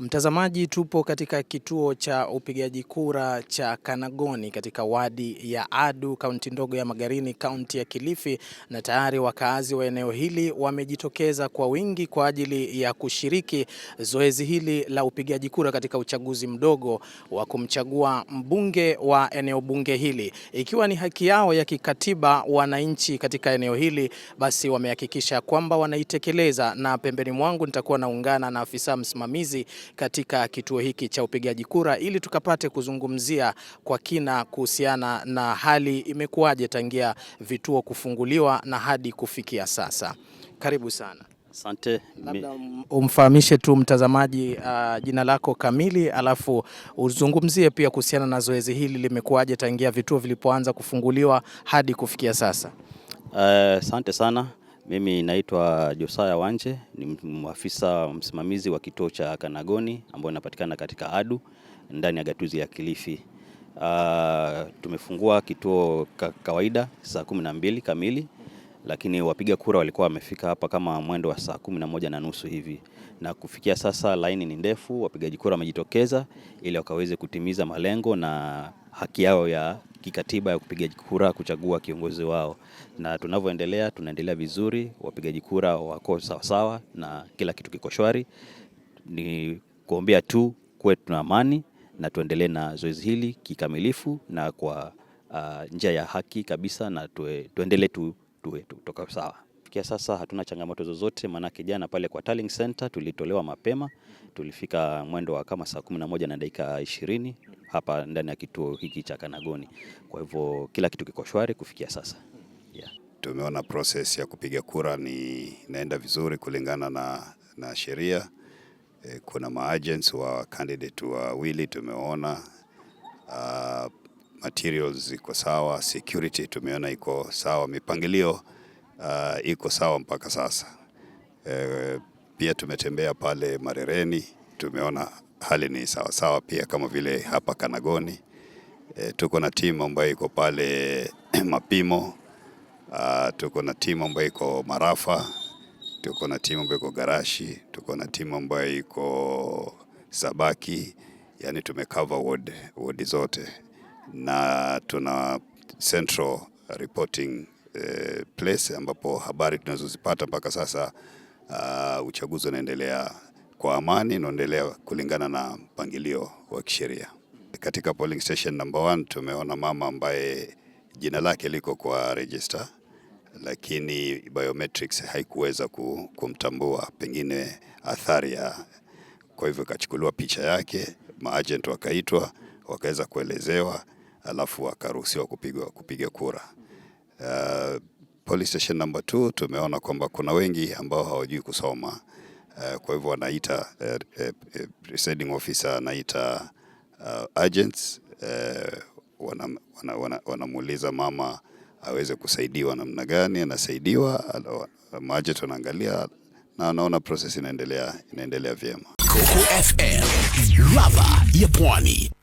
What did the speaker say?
Mtazamaji, tupo katika kituo cha upigaji kura cha Kanagoni katika wadi ya Adu, kaunti ndogo ya Magarini, kaunti ya Kilifi, na tayari wakaazi wa eneo hili wamejitokeza kwa wingi kwa ajili ya kushiriki zoezi hili la upigaji kura katika uchaguzi mdogo wa kumchagua mbunge wa eneo bunge hili. Ikiwa ni haki yao ya kikatiba wananchi katika eneo hili, basi wamehakikisha kwamba wanaitekeleza, na pembeni mwangu nitakuwa naungana na afisa msimamizi katika kituo hiki cha upigaji kura ili tukapate kuzungumzia kwa kina kuhusiana na hali imekuwaje tangia vituo kufunguliwa na hadi kufikia sasa. Karibu sana. Asante. Labda um, umfahamishe tu mtazamaji uh, jina lako kamili, alafu uzungumzie pia kuhusiana na zoezi hili limekuwaje tangia vituo vilipoanza kufunguliwa hadi kufikia sasa. Uh, asante uh, sana. Mimi naitwa Josaya wanje ni afisa msimamizi wa kituo cha Kanagoni ambayo inapatikana katika Adu ndani ya gatuzi ya Kilifi. Uh, tumefungua kituo ka kawaida saa kumi na mbili kamili, lakini wapiga kura walikuwa wamefika hapa kama mwendo wa saa kumi na moja na nusu hivi, na kufikia sasa laini ni ndefu, wapigaji kura wamejitokeza ili wakaweze kutimiza malengo na haki yao ya kikatiba ya kupiga kura kuchagua kiongozi wao, na tunavyoendelea, tunaendelea vizuri, wapigaji kura wako sawasawa na kila kitu kiko shwari. Ni kuombea tu kuwe tuna amani na tuendelee na zoezi hili kikamilifu na kwa uh, njia ya haki kabisa na tuendelee tu tuwe tutoka sawa kufikia sasa hatuna changamoto zozote, maanake jana pale kwa Tallying Center tulitolewa mapema, tulifika mwendo wa kama saa kumi na moja na dakika ishirini hapa ndani ya kituo hiki cha Kanagoni. Kwa hivyo kila kitu kiko shwari kufikia sasa yeah. Tumeona proses ya kupiga kura ni inaenda vizuri kulingana na, na sheria e, kuna maagents wa candidate wawili tumeona uh, materials ziko sawa, security tumeona iko sawa, mipangilio uh, iko sawa mpaka sasa. Uh, pia tumetembea pale Marereni, tumeona hali ni sawasawa sawa, pia kama vile hapa Kanagoni. e, tuko na timu ambayo iko pale Mapimo. Uh, tuko na timu ambayo iko Marafa, tuko na timu ambayo iko Garashi, tuko na timu ambayo iko Sabaki, yani tumecover ward ward zote na tuna central reporting Eh, place ambapo habari tunazozipata mpaka sasa uh, uchaguzi unaendelea kwa amani, unaendelea kulingana na mpangilio wa kisheria. Katika polling station number one tumeona mama ambaye jina lake liko kwa register lakini biometrics haikuweza kumtambua, pengine athari ya, kwa hivyo ikachukuliwa picha yake, maagent wakaitwa, wakaweza kuelezewa, alafu wakaruhusiwa kupiga kupiga kura uh, police station number 2 tumeona kwamba kuna wengi ambao hawajui kusoma uh, kwa hivyo wanaita uh, uh, presiding officer anaita uh, agents uh, wanamuuliza wana, wana mama aweze kusaidiwa namna gani, anasaidiwa majet, tunaangalia na anaona process inaendelea, inaendelea vyema. Coco FM, ladha ya Pwani.